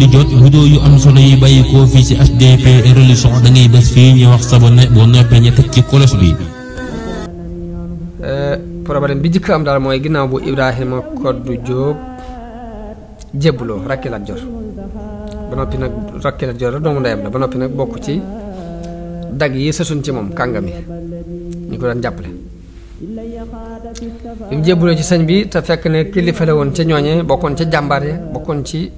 di jot vidéo yu ci HDP religion da ngay bés fii ñu wax sabone boo noppee ñu teg ci kolos bi. Euh, problème bi jëkk am daal mooy ginnaaw bu Ibrahima Koddu Jóob jébbuloo rakki Lat Joor ba noppi nag rakki Lat Joor la doomu ndeyam la ba noppi nag bokk ci dag yi sësuñ ci moom kàngam yi ñu ko daan jàppale. bi jébbuloo ci sëñ bi te fekk ne kilifa la woon ca ñooñe bokkoon ca jàmbaar bokkoon ci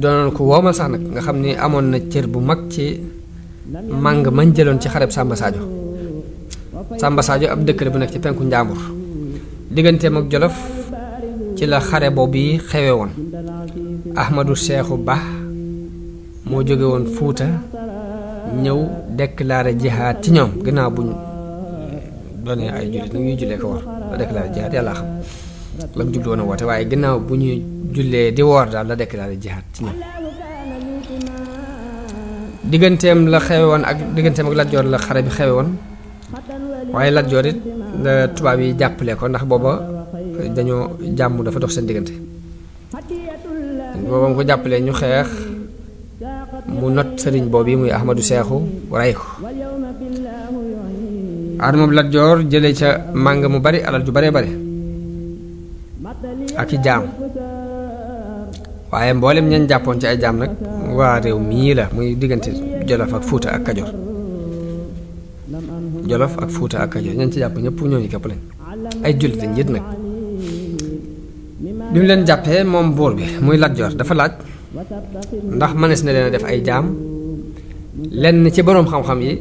doonoon ko woomal sax nag nga xam ni amoon na cër bu mag ci màng mañ jëloon ci xareb Samba Sadio Samba Sadio ab dëkk la bu nekk ci penku Njàmbur digganteem ak Jolof ci la xare boobu yi xewe woon Ahmadou Cheikhou Ba moo jóge woon Fuuta ñëw déclaré jihaad ci ñoom ginnaaw bu ñu doonee ay jullit nag ñuy jullee ko war déclaré jihaad yàlla xam la mu jublu woon woote waaye ginnaaw bu ñuy jullee di woor daal la déclaré jihaad ci ñoom digganteem la xewe woon ak digganteem ak Lat Joor la xare bi xewe woon waaye Lat it la tubaab yi jàppale ko ndax booba dañoo jàmm dafa dox seen diggante booba ko jàppale ñu xeex mu not sëriñ yi muy Ahmadou Seexu rey ko armab Lat Joor jële ca màng mu bari alal ju bare bare ak ci jaam waaye mboolem ñañ jàppoon ci ay jaam nag waa réew mii la muy diggante Jolof ak Fuuta ak Kajoor Jolof ak Fuuta ak Kajoor ñañ ci jàpp ñëpp ñooñu képp lañ ay jullit lañ yit nag bi mu leen jàppee moom buur bi muy Lat Joor dafa laaj ndax mënees na leen a def ay jaam lenn ci boroom xam-xam yi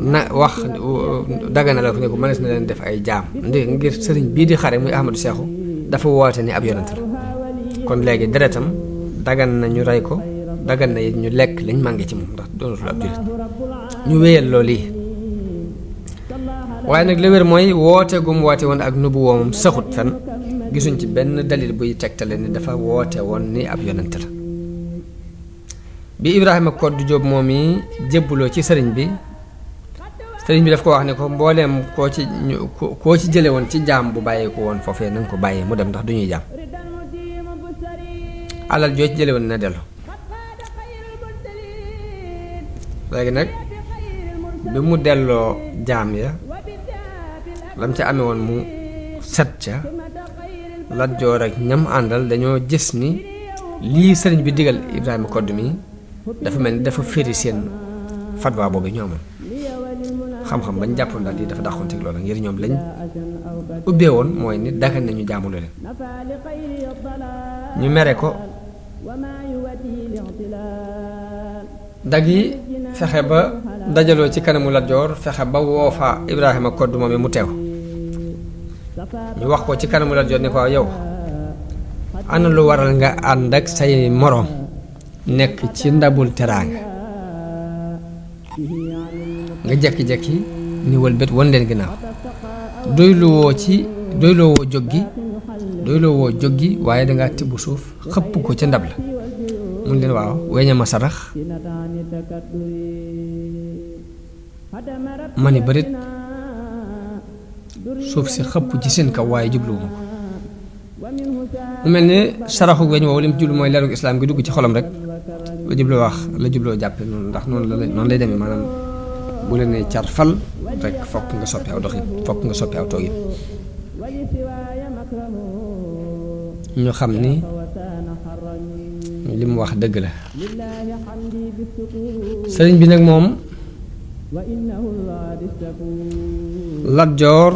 na wax dagana la fu ne ko mënees na leen def ay jaam ndi ngir sëriñ bii di xare muy Ahmadou Cheikhou dafa woote ni ab yonent la kon léegi deretam dagan na ñu rey ko dagan na it ñu lekk liñ màngi ci moom ndax doonatul ab jullit ñu wéyal loolu yi waaye nag li mooy woote gum woote woon ak nubu woomam saxut fenn gisuñ ci benn dalil buy tegtale ni dafa woote woon ni ab yonent la bi Ibrahima Koddu Jóob moom yi jébbaloo ci sëriñ bi sëriñ bi daf ko wax ne ko mbolem ko ci ko ci jële won ci jaam bu bàyyi ko won fofé nang ko bàyyi mu dem ndax duñuy ñuy alal jo ci jële won na delu léegi nak bi mu delo jaam ya lam ci amé won mu set ca la Joor ak ñam andal dañu gis ni li sëriñ bi digal ibrahim Kodd mi dafa mel dafa firi sen fatwa bobu ñoomal xam-xam bañ jàppoon dal di dafa ci loola ngir ñom lañ ya ubbe won moy ni dagan nañu jaamu leen ñu méré ko dagi fexé ba dajalo ci kanamu la jor fexé ba wofa fa Ibrahima Koddu momi mu tew ñu wax ko ci kanamu la jor ni ko yow ana lu waral nga ànd ak say morom nek ci ndabul teranga nga jekki jekki ni bet won len ginaaw doylo wo ci doylo wo joggi doylo wo joggi waye da nga tibbu suuf xep ko ci ndab la mun len waaw weñe ma sarax mani berit suuf si xep ci seen ka waye jublu ko mu melni ne saraxu weñ wo lim jullu moy leerug islam gi dugg ci xolam rek la wax la jubloo jàppe ndax non la non lay manam bu la nee car fal rek fokk nga soppi aw doxin fokk nga soppi aw toogin ñu xam ni li mu wax dëgg la sëriñ bi nag moom Lat Joor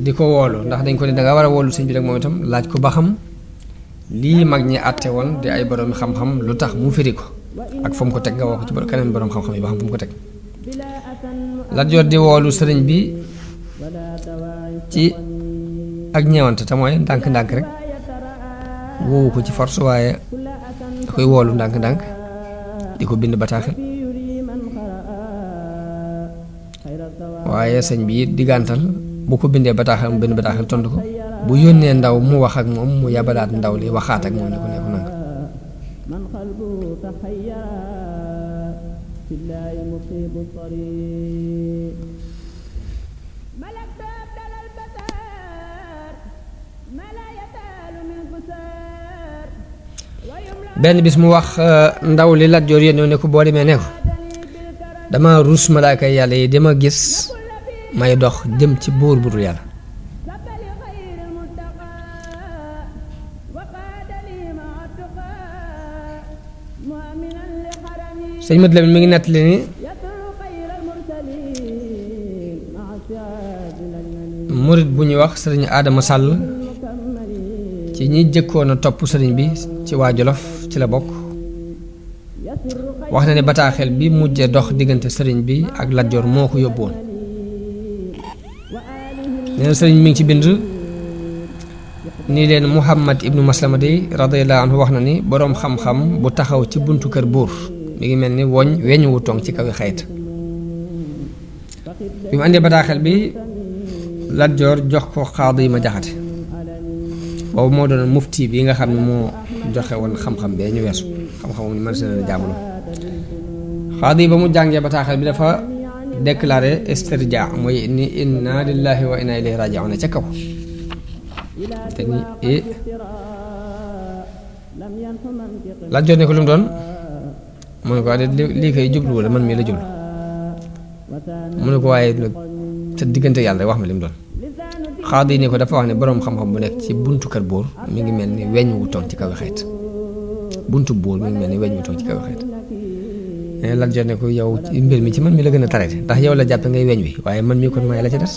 di ko woolu ndax dañ ko ne danga war a woolu sëriñ bi nag moom itam laaj ko ba xam lii mag ñi àtte woon di ay boroomi xam-xam lu tax mu firi ko ak fam ko teg nga wax ci ci keneen borom xam-xam yi ba xam fam ko teg la Joor di wolu serigne bi ci ak ñewante ta moy dank dank rek wo ko ci force waye koy wolu dank dank di ko bind bataaxel waye serigne bi digantal bu ko bindee bataaxel mu bind bataaxel tondu ko bu yónnee ndaw mu wax ak mom mu yabalat ndaw li waxat ak mom ni ko nekk nanga من قلبه تحيا في الله مصيب الطريق ملك باب دل البتار ما لا يتال من قسار بن بسم وخ آه، نداو لي لات جور يني نكو بولي مي نكو دما روس ملائكه يالله دما گيس ماي دوخ ديم تي بور بور يالله sëñ Madu Lamin mi ngi nettali ni murit bu ñuy wax sëriñ aadama Sàll ci ñi jëkkoon a topp sëriñ bi ci waa Jolof ci la bokk wax na ni bataaxel bi mujje dox diggante sëriñ bi ak lajoor moo ko yóbboon nee na sëriñ mi ngi ci bind nii leen Muhammad ibnu Maslama de radiyallahu anhu wax na ni boroom xam-xam bu taxaw ci buntu kër buur mi ngi mel ni woñ weñ wu tong ci kawi xayt bi mu àndee bataaxel bi Lat Joor jox ko xaadi ma jaxate boobu moo doon mufti bi nga xam ne moo joxe woon xam-xam bee ñu weesu xam-xamu mën si la jaamuloo xaadi ba mu jàngee bataaxel bi dafa déclaré istirja mooy ni inna lillahi wa inna ilayhi raji'un ca kaw te ni Lat ne ko lu mu doon mu ne ko waaye lii kay jubluwul man mii la jublu mu ne ko waaye nag sa diggante yàlla wax ma li mu doon yi ne ko dafa wax ne boroom xam-xam bu nekk ci buntu kër buur mi ngi mel ni weñ wu toog ci kaw xeet buntu buur mi ngi mel ni weñ wu toog ci kaw xeet ne Lat Joor ne yow mi ci man mi la gën a traité ndax yow la jàppe ngay weñ wi waaye man mii kon maay la ci des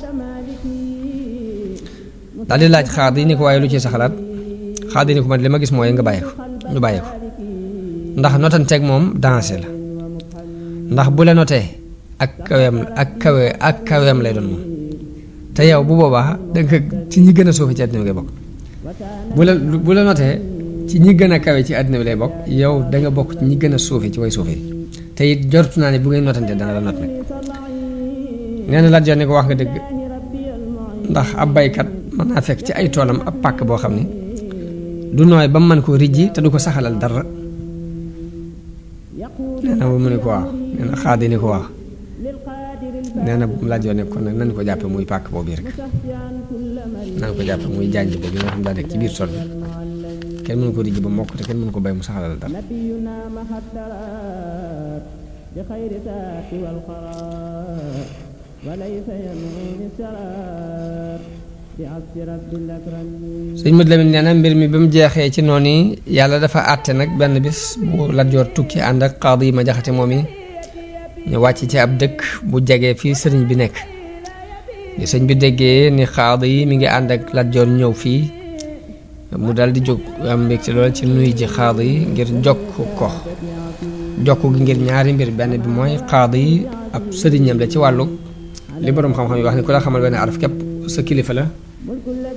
daal di laaj xaadi ne ko waaye lu ci sa xalaat xaadi ne ko man li ma gis mooy nga bàyyi ko ñu bàyyi ko ndax notanteeg moom danger la ndax bu la notee ak kaweem ak kawe ak kaweem lay doon moom te yow bu boobaa danga ci ñi gën a suufe ci àddina bi ngay bokk bu la bu notee ci ñi gën a kawe ci àddina bi lay bokk yow da bokk ci ñi gën a suufe ci way suufe te it jortu naa ne bu ngeen notantee dana la not nag nee na laaj ne ko wax nga dëgg ndax ab baykat mën ci ay toolam ab pàkk boo xam ne du nooy ba mu mën koo rijji te du ko saxalal dara nee na mu ne ko waaw nee na xaadi ni ko waaw nee na bu mu laajoon ne kon nag nañu ko jàppe muy pàkk boobu rek nañu ko jàppe muy jànj boobu nga xam daa nekk ci biir sol bi kenn mënu ko rijji ba mokk te kenn mënu ko bay mu saxalal dara bi sëñ Mët Lamin nee na mbir mi ba mu jeexee ci noonu yi yàlla dafa àtte nag benn bis bu Lat Joor tukki ànd ak xaadi yi ma jaxate moom yi ñu wàcc ci ab dëkk bu jege fii sëriñ bi nekk sëñ bi déggee ni xaadi yi mi ngi ànd ak Lat ñëw fii mu daldi di jóg am mbégte lool ci nuy ji xaadi yi ngir jokk ko jokk gi ngir ñaari mbir benn bi mooy xaadi yi ab sëriñam la ci wàllu li boroom xam-xam yi wax ni ku la xamal benn araf képp sa kilifa la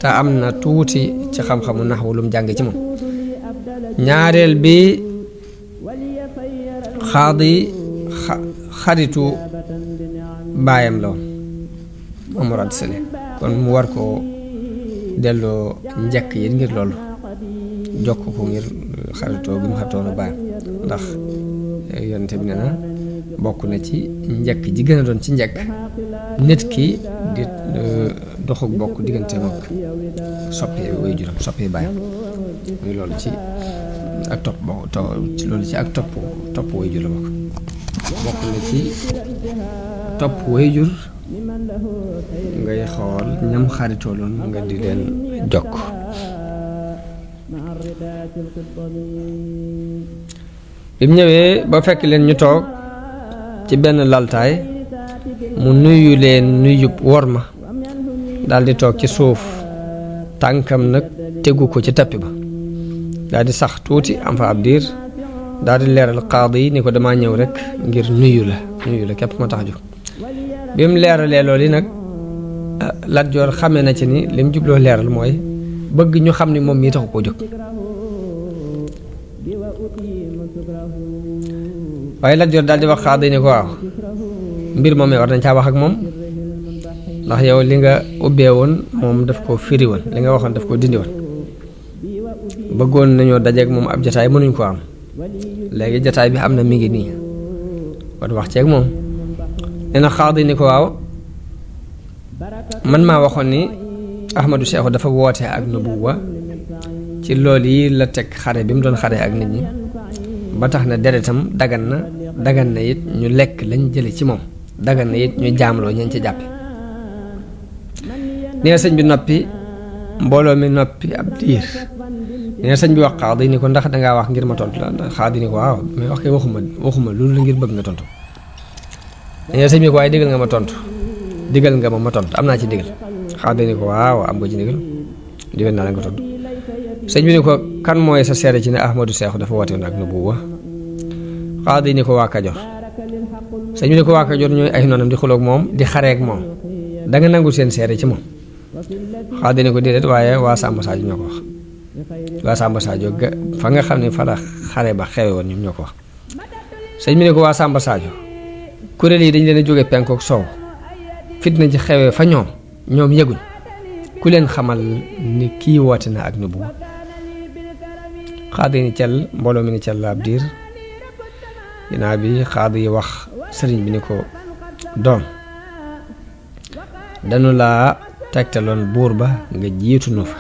te am na tuuti ci xam-xamu naxwu lum jànge ci moom ñaareel bi xaadi xaritu baayam la woon Omar Ad Sali kon mu war ko delloo njëkk yi ngir loolu jokk ko ngir xaritoo gi mu xaritoonu baayam ndax yonte bi ne na bokk na ci njëkk ji gën a doon ci njëkk nit ki di doxuk bokk diggante bokk soppé way juram soppé bàyyam muy loolu ci ak top bo to ci ak top top way juram la bokk na ci top way jur ngay xol ñam lon nga di len jokk bim ñewé ba fekk len ñu tok ci ben laltay mu nuyu len nuyu worma daal di toog ci suuf tànkam nag tegu ko ci tappi ba daal di sax tuuti am fa ab diir daal di leeral qaadi yi ni ko damaa ñëw rek ngir nuyu la nuyu la képp moo tax jóg bi mu leeralee loolu nag ah, Lat Joor na ci ni li jubloo leeral mooy bëgg ñu xam ni moom mii taxu koo jóg waaye Lat Joor daal di wax qaadi ni ko waaw mbir moom war nañ caa wax ak moom ndax yow li nga ubbee woon moom daf ko firi woon li nga waxoon daf ko dindi woon bëggoon nañoo dajeeg moom ab jataay mënuñ ko am léegi jataay bi am na mi ngi nii kon wax ceeg moom nee na xaadi ni ko waaw man maa waxoon ni Ahmadou Cheikh dafa woote ak wa ci lool yi la teg xare bi mu doon xare ak nit ñi ba tax na deretam dagan na dagan na it ñu lekk lañ jële ci moom dagan na it ñu jaamloo ñeen ci jàppe nee sëñ bi noppi mbooloo mi noppi ab diir nee sëñ bi wax xaadi ni ko ndax dangaa wax ngir ma tontu la ndax xaadi ni ko waaw wax kay waxuma waxuma loolu la ngir bëgg nga tontu nee na sëñ bi tontu digal nga ma ma am naa ci digal xaadi ni ko waaw am nga ci digal digal naa la nga tontu sëñ ko kan mooy sa seere ci ne Ahmadou Seexu dafa woote woon ak nubuwa xaadi ni ko waa Kajoor sëñ bi ni ko waa Kajoor ñooy ay noonam di xuloog moom di xaree ak moom danga nangu seen seere ci moom xaadi ne ko déedéet waaye waa Samba Sadio ñoo ko wax waa Samba Sadio ga fa nga xam ne fa la xare ba xewe woon ñoom ñoo ko wax sëñ bi ne ko waa sàmba Sadio kuréel yi dañ leen a jóge penk soow fitna ci xewee fa ñoom ñoom yëguñ ku leen xamal ni kii woote na ak nubu xaadi ni cel mbooloo mi ni cel la ab diir ginnaaw bi xaadi yi wax sëriñ bi ni ko doom danu laa tegtaloon buur ba nga jiitu nu fa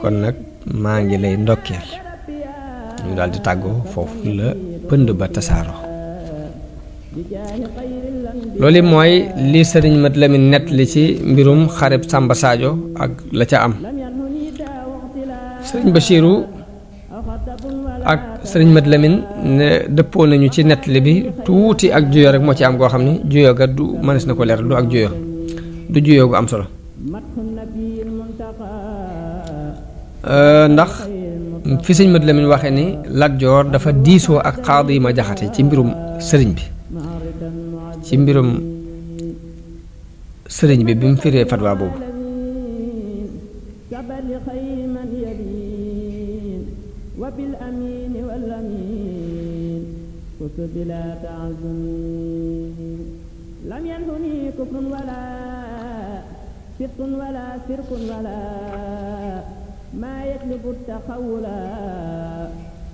kon nag maa ngi lay ndokkeel ñu daal di tàggoo foofu la pënd ba tasaaroo loolu mooy li sëriñ Mat Lamin nett ci mbirum xare Sàmba Saajo ak la ca am sëriñ Bachiru ak sëriñ Mat Lamin ne dëppoo nañu ci nett li bi tuuti ak juyoo rek moo ci am goo xam ne juyoo ga du mënees na ko leer du ak juyoo du juyoo gu am solo ndax fi sëñ Madu Lamin waxee ni Lat dafa diisoo ak Xaadi ma jaxate ci mbirum sëriñ bi ci mbirum sëriñ bi bi mu firee fatwa boobu لم ينهني كفر ولا فسق ولا سرق ولا ما يطلب التخولا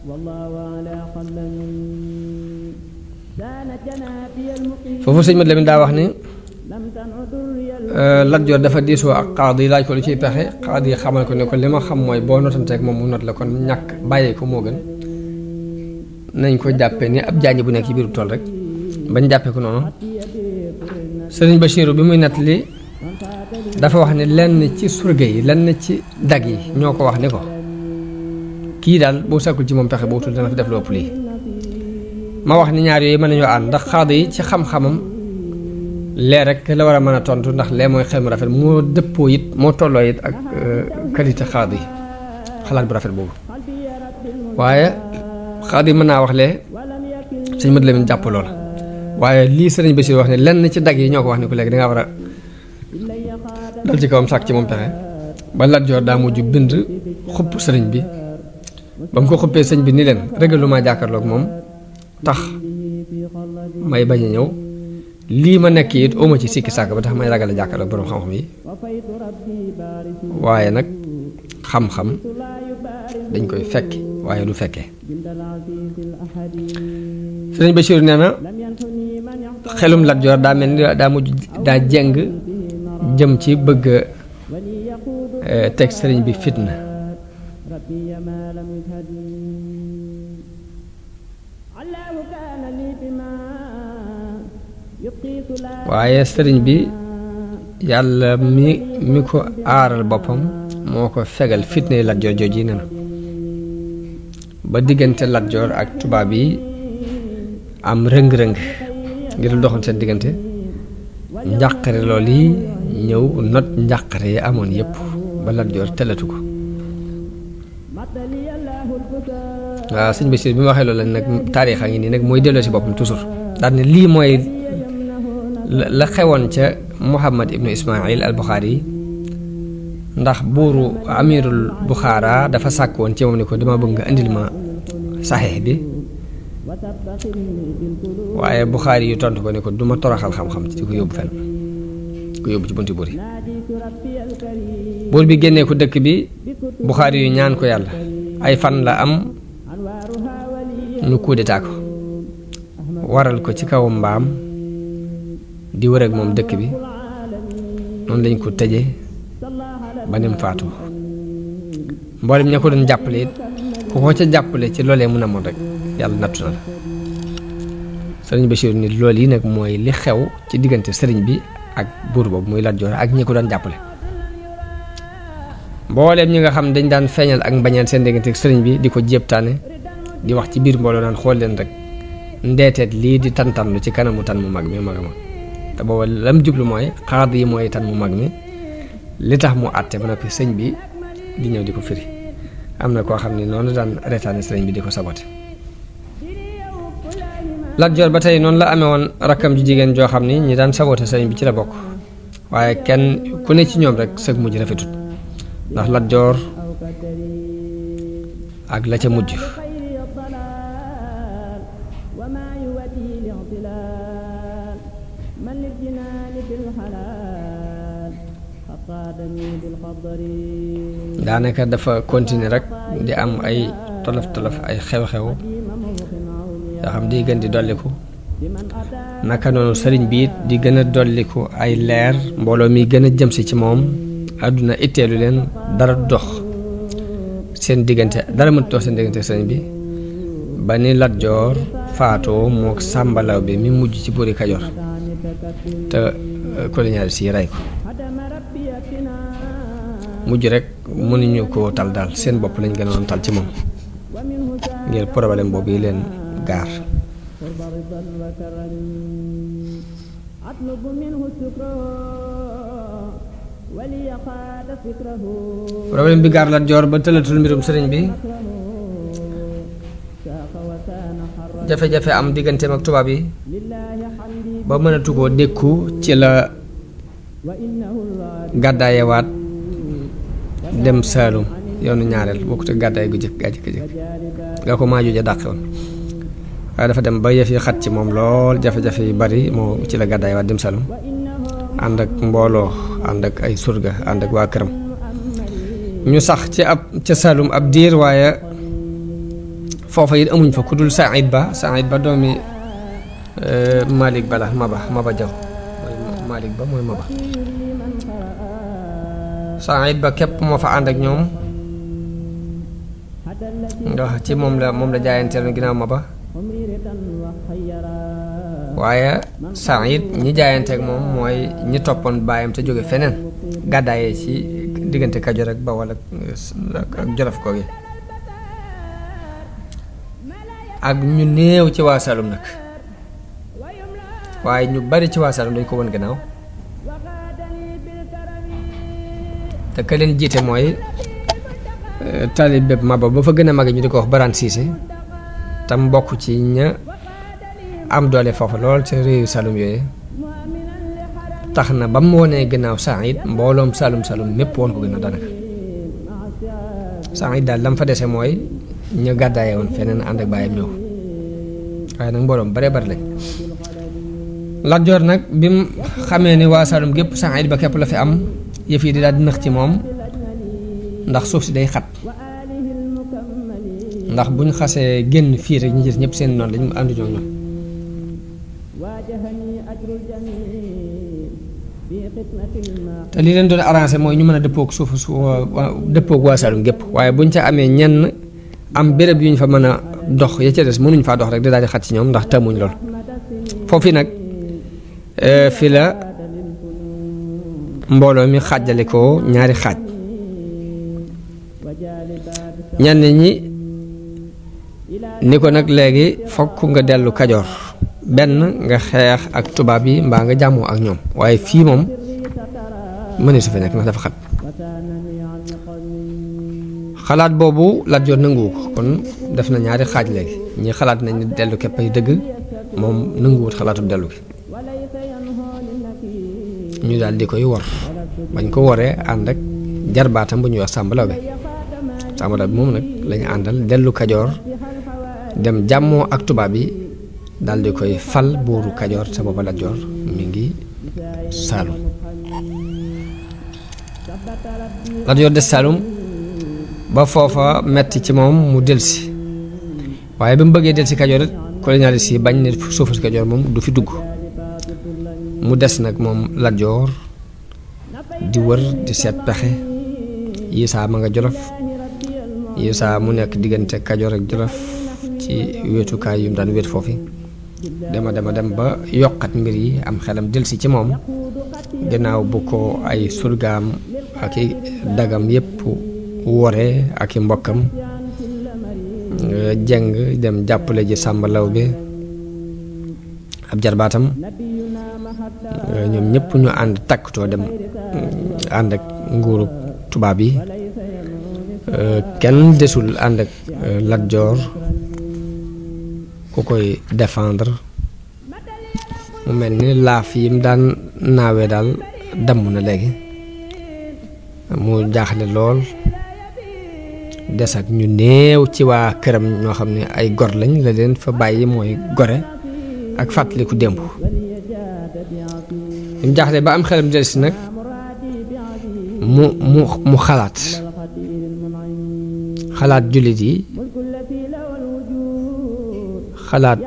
والله على قلبي كانت جنابي المقيم فوفو سيدنا لمن دا واخني Lat Joor dafa diisoo ak xaadi laaj ko lu ciy pexe xaadi xamal ko ne ko li ma xam mooy boo notanteeg moom mu not la kon ñàkk bàyyee ko moo gën nañ ko jàppee ni ab jaañ bu nekk ci biiru tool rek bañ jàppee ko noonu sëriñ Bachir bi muy nettali dafa wax ne lenn ci surge yi lenn ci dagg yi ñoo ko wax ni ko kii daal boo sàkkul ci moom pexe boo tul dana fi def lu ëpp ma wax ni ñaar yooyu mën nañoo ànd ndax xaada yi ci xam-xamam lee rek la war a mën a tontu ndax lee mooy xel mu rafet moo dëppoo it moo tolloo it ak euh, qualité xaada yi xalaat bu rafet boobu waaye xaada yi mën naa wax lee sëñ la Lamin jàpp loola waaye lii sëriñ Bachir wax ne lenn ci dag yi ñoo ko wax ne ko léegi da ngaa war a dal ci kawam sàkk ci moom pexe ba Lat Joor daa mujj bind xupp sëriñ bi ba mu ko xuppee sëñ bi ni leen réglement jàkkaarloog moom tax may bañ ñëw lii ma nekk it oma ci sikki sàkk ba tax may ragal a jàkkaarloog boroom xam-xam yi waaye nag xam-xam dañ koy fekki waaye du fekke sëriñ Bachir nee na xelum Lat Joor daa mel ni daa mujj daa jeng jëm ci bëgg e, teg sëriñ bi fitna waaye sëriñ bi yàlla mi mi ko aaral boppam moo ko fegal fitna yi Lat Joor jooji nanu ba diggante Lat Joor ak tubaab yi am rëng-rëng ngir doxal seen diggante njàqare lool yi ñëw not njàqare yi amoon yépp ba Lat Joor telatu ko waaw sëñ Bachir bi ma waxee loolu nag taarixa nii nag mooy delloo si boppam toujours daal ne lii mooy la xewoon ca Muhammad ibnu Ismail al Buxaari ndax buuru amirul Buxaara dafa sàkk woon ci moom ni ko dama bëgg nga indil ma saxiix bi waaye Buxaari yu tontu ko ne ko du ma toroxal xam-xam ci ko yóbbu fen ko yóbbu ci bunti buur yi buur bi génnee ko dëkk bi Buxaari yu ñaan ko yàlla ay fan la am ñu kuudetaa ko waral ko ci kaw mbaam di wër moom dëkk bi noonu lañ ko tëje ba nim faatu mboolem ña ko doon jàppale it ku ko ca jàppale ci loolee mën a moon rek yàlla nattu na la sëriñ Bachir ni loolu yi nag mooy li xew ci diggante sëriñ bi ak buur boobu muy Lat Joor ak ñi ko daan jàppale mbooleem ñi nga xam ne dañ daan feeñal ak mbañeel seen diggante ak sëriñ bi di ko jéebtaane di wax ci biir mbooloo naan xool leen rek ndeeteet lii di tantanlu ci kanamu tan mu mag mi mag a mag te booba lam jublu mooy xaar yi mooy tan mu mag mi li tax mu àtte ba noppi sëñ bi di ñëw di ko firi am na koo xam ne noonu daan reetaane sëriñ bi di ko sabote Lat ba tey noonu la amee woon rakkam ji jigéen joo xam ni ñi daan saboté sëriñ bi ci la bokk waaye kenn ku ne ci ñoom rek sëg mujj rafetut ndax Lat Joor ak la ca mujj daanaka dafa continuer rek di am ay tolof tolof ay xew-xew yoo xam day gën di dolliku naka noonu sëriñ biit di gën a dolliku ay leer mbooloo mi gën a jëm si ci moom àdduna itteelu leen dara dox seen diggante dara mënut dox seen diggante sëriñ bi ba ni Lat Joor faatoo moo sàmbalaw bi mi mujj ci buuri Kajoor te euh, colonial si rey ko mujj rek mënuñu koo tal daal seen bopp lañ gën a doon tal ci moom ngir problème boobu yi leen Dakar bi gaar la joor ba tëlatul mbirum sëriñ bi jafe-jafe am digganteem ak tubaab yi ba mënatu koo dékku ci la gàddaayewaat dem Saalum yoonu ñaareel bokkut ak gàddaay gu jëkk gaa nga ko maajuja dàqe woon waaye dafa dem ba yëf yi xat ci moom lool jafe-jafe yu bari moo ci la gàddaay waa dem Saloum ànd ak mbooloo ànd ak ay surga ànd ak waa këram ñu sax ci ab ca Saloum ab diir waaye foofu it amuñ fa ku dul Saïd Ba Saïd Ba doomi euh, Malick Bala Maba Maba Jaw mooy Malick Ba mooy Maba Saïd Ba képp moo fa ànd ak ñoom ndax ci moom la moom la jaayanteelu ginnaaw Maba waaye Saïd ñi jaayanteeg moom mooy ñi toppoon baayam te jóge feneen gàddaayee ci diggante Kajoor ak Bawol ak Jolof ko gi ak ñu néew ci waa Saalum nag waaye ñu bari ci waa Saalum dañ ko woon gannaaw te ka leen jiite mooy eh, taalib bépp Maba ba fa gën a mag ñu di ko wax Baraan Siise tam bokk ci ña am doole foofu lool ci réew Saloum yooyu tax na ba mu wonee gannaaw Saïd mbooloom salum salum mépp woon ko gën a danaka Saïd daal lam fa dese mooy ñu gàddaaye woon feneen ànd ak bàyyam ñëw waaye nag mbooloom bare bare lañ Lat nag bi mu xamee ni waa salum gépp Saïd ba képp la fi am yëf yi di daal di ci moom ndax suuf si day xat ndax buñ xasse genn fii rek ñi ci ñëpp seen noonu lañ andu ñoo ñoom te li leen doon arrangé mooy ñu mën a dëppoog suuf su dëppoog waa Saloum gépp waaye buñ ca amee ñenn am béréb yuñ fa mën a dox ya ca des mënuñ faa dox rek di daal di xat ci ñoom ndax tëmuñ lool foofu nag euh, fi la mbooloo mi xaajalikoo ñaari xaaj ñenn ñi ni ko nag léegi fokk nga dellu kajoor benn nga xeex ak tubaab yi mbaa nga jàmmoo ak ñoom waaye fii moom mënee su fi nekk ndax xat xalaat boobu Lat Joor nanguwu ko kon def na ñaari xaaj léegi ñi xalaat nañ ne dellu képp ay dëgg moom nanguwut xalaatu dellu gi ñu daldi koy wor bañ ko woree ànd ak jarbaatam bu ñuy wax Sàmba Lawbe Sàmba Lawbe moom nag lañu àndal dellu Kajoor dem jàmmoo ak tubaab yi daldi koy fal buuru kajoor sa booba Lat Joor mi ngi Saalum Lat des Saalum ba foofa metti ci moom mu delsi waaye ba mu bëggee delsi kajoor it colonialiste si bañ ne suufu si kajoor moom du fi dugg mu des nag moom Lat di wër di seet pexe yi saa ma nga Jolof yi mu nekk diggante kajoor ak Jolof ci wetukaay yu mu daan wet foofu dema dema dem ba yokkat mbir yi am xelam delsi ci moom gannaaw bu ko ay surgaam ak i dagam yépp wore ak i mbokkam jëng dem jàppale ji sàmba law ab jarbaatam ñoom ñëpp ñu ànd takkutoo dem ànd ak nguuru tubaab yi kenn desul ànd ak Lat ku koy défendre mu mel ni laaf yi daan naawe daal damm na léegi mu jaaxle lool des ak ñu néew ci waa këram ñoo xam ne ay gor lañ la leen fa bàyyi mooy gore ak fàttaliku démb mu jaaxle ba am xelam delsi nag mu mu mu xalaat xalaat jullit yi xalaat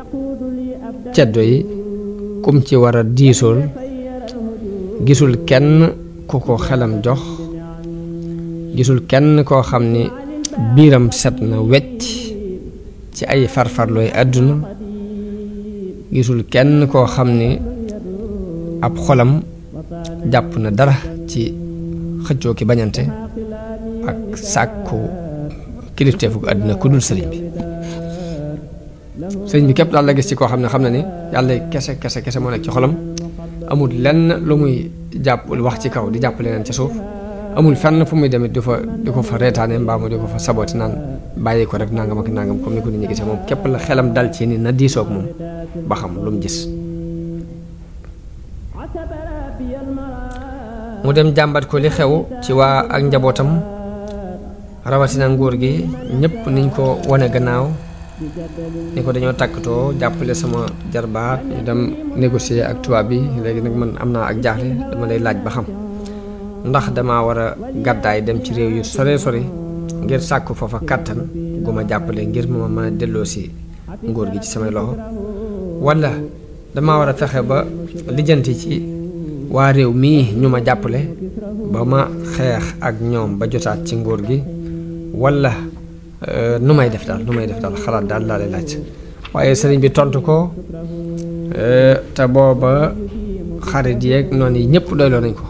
ceddo yi kum ci war a diisool gisul kenn ku ko xelam jox gisul kenn koo xam ni biiram set na wecc ci ay farfarlooy àdduna gisul kenn koo xam ni ab xolam jàpp na dara ci xëccoo ki bañante ak sàkku kilifteefu àdduna ku dul sëriñ bi sëñ bi képp daal la gis ci koo xam ne xam na ni yàlla kese kese kese moo nekk ci xolam amul lenn lu muy jàpp wax ci kaw di jàpp leneen ci suuf amul fenn fu muy demit di fa di ko fa reetaane mbaa mu di ko fa sabooti naan bàyyi ko rek nangam ak nangam comme ni ko nit ñi gisee moom képp la xelam dal ci ni na diisoog moom ba xam lu mu gis mu dem jàmbat ko li xew ci waa ak njabootam rawatina nguur gi ñëpp niñ ko wane gannaaw ni ko dañoo takkatoo jàppale sama jarbaat ñu dem négocier ak tubaab bi léegi nag man am naa ak jaaxle dama lay laaj ba xam ndax dama war a gàddaay dem ci réew yu sore sore ngir sàkku foofa kàttan gu ma jàppale ngir ma mën a delloo si nguur gi ci samay loxo wala dama war a fexe ba lijjanti ci waa réew mii ñu ma jàppale ba ma xeex ak ñoom ba jotaat ci nguur gi walla nu may e def daal nu may e def daal xalaat daal laa lay laaj waaye sëriñ bi tontu ko eh, te booba xarit yeeg noonu yi ñëpp doyloo nañ ko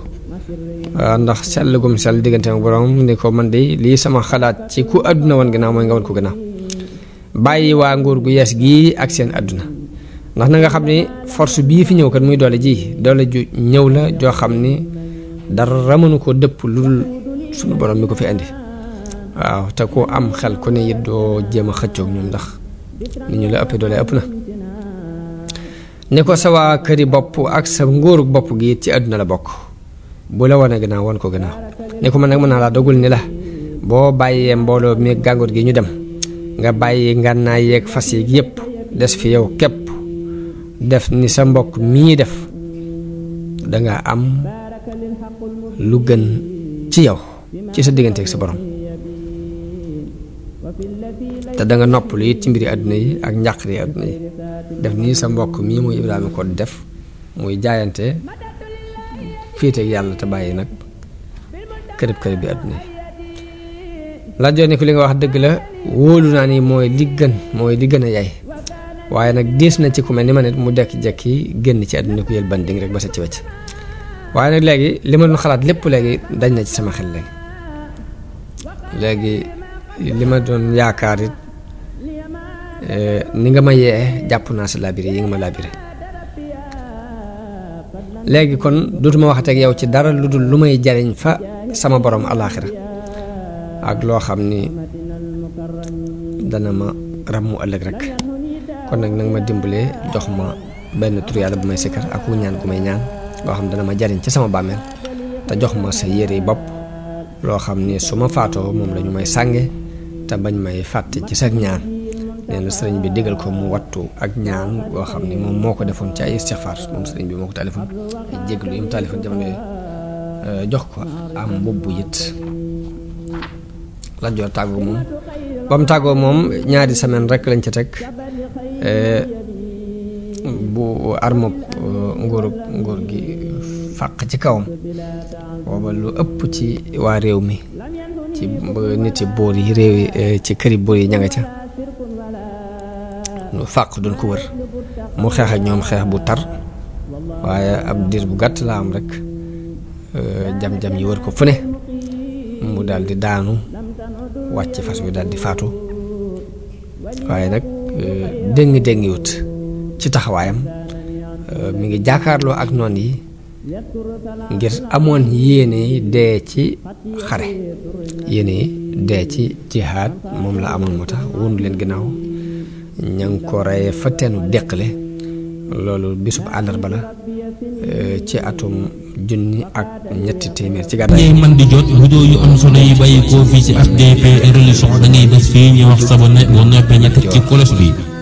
waaw ah, ndax sell gum sell diggante ak borom ni ko man de lii sama xalaat ci ku àdduna woon gannaaw mooy nga woon ko gannaaw bàyyi waa nguur gu yees gii ak seen àdduna ndax na nga xam ne force bii fi ñëw kat muy doole ji doole ju ñëw la joo xam ne dara mënu ko dëpp lu dul suñu borom mi ko fi indi waaw te ku am xel ku ne it doo jéem a xëccoog ñoom ndax ni ñu la ëppee doole ëpp na ni ko sa këri bopp ak sa nguurug bopp gi ci àdduna la bokk bu la wane gannaaw wan ko gannaaw ni ko man nag mën naa laa dogul ni la boo bàyyee mbooloo mi gàngoor gi ñu dem nga bàyyi ngànnaay yeeg fas yeeg yépp des fi yow képp def ni sa mbokk mii def danga am lu gën ci yow ci sa digganteeg sa borom te danga nopp noppalu it ci mbiri àdduna yi ak njàqari àdduna yi def nii sa mbokk mii muy Ibrahima ko def mooy jaayante féeteeg yàlla te bàyyi nag kërëb kërëb bi àdduna yi ne ko li nga wax dëgg la wóolu naa ni mooy li gën mooy li gën a yaay waaye nag diis na ci ku ni ma ne mu dekki-jekki génn ci àdduna ko yël banding rek ba sa ci wecc waaye nag léegi li ma doon xalaat lépp léegi dañ na ci sama xel léegi léegi li ma doon yaakaar it Eh, ni nga ma yee jàpp naa si labiré yi nga ma labiré léegi kon dootuma waxate ak yow ci dara lu dul lu may jariñ fa sama borom alaaxira ak loo xam ni dana ma mu ëllëg rek kon nag nag ma dimbalee jox ma benn tur yàlla bu may sikkar ak wu ñaan gu may ñaan loo xam dana ma jariñ ci sama bàmmeel te jox ma sa yére bopp loo xam ni su ma faatoo moom lañu may sànge te bañ may fàtte ci sa ñaan nee na sëriñ bi digal ko mu wattu ak ñaan goo xam ne moom moo ko defoon ci ay istixfaar moom sëriñ bi moo ko taalifoon ay jéglu yi mu taalifoon euh, jox ko am mbubb it Lat Joor tàggoo moom ba tàggoo moom ñaari semaine rek lañ ci teg euh, bu armob euh, nguur nguur gi fàq ci kawam booba lu ëpp ci waa réew mi ci nit yi boor yi réew yi ci këri boor yi ña ca nu faq duñ ko wër mu xex ak ñoom xex bu tar waaye ab dir bu gàtt la am rek euh, jam-jam yi wër ko fune mu dal di daanu wàcc fas bi dal di faatu waaye nag euh, déngi déngi wut ci taxawaayam euh, mi ngi jàkkaarloo ak noon yi ngir amoon yéene yi dee ci xare yéene yi dee ci jihaad moom la amoon moo tax wundu leen ginnaaw ña ngi ko reye fa teenu deqale loolu bisub àllarba la eh, ci atum junni ak ñetti téeméer ci gàddaay. ngay man di jot rajo yu am solo yi bàyyi koo fii ci HDP religion da ngay bés fii ñu wax sabone boo noppee ñett ci kolos bi.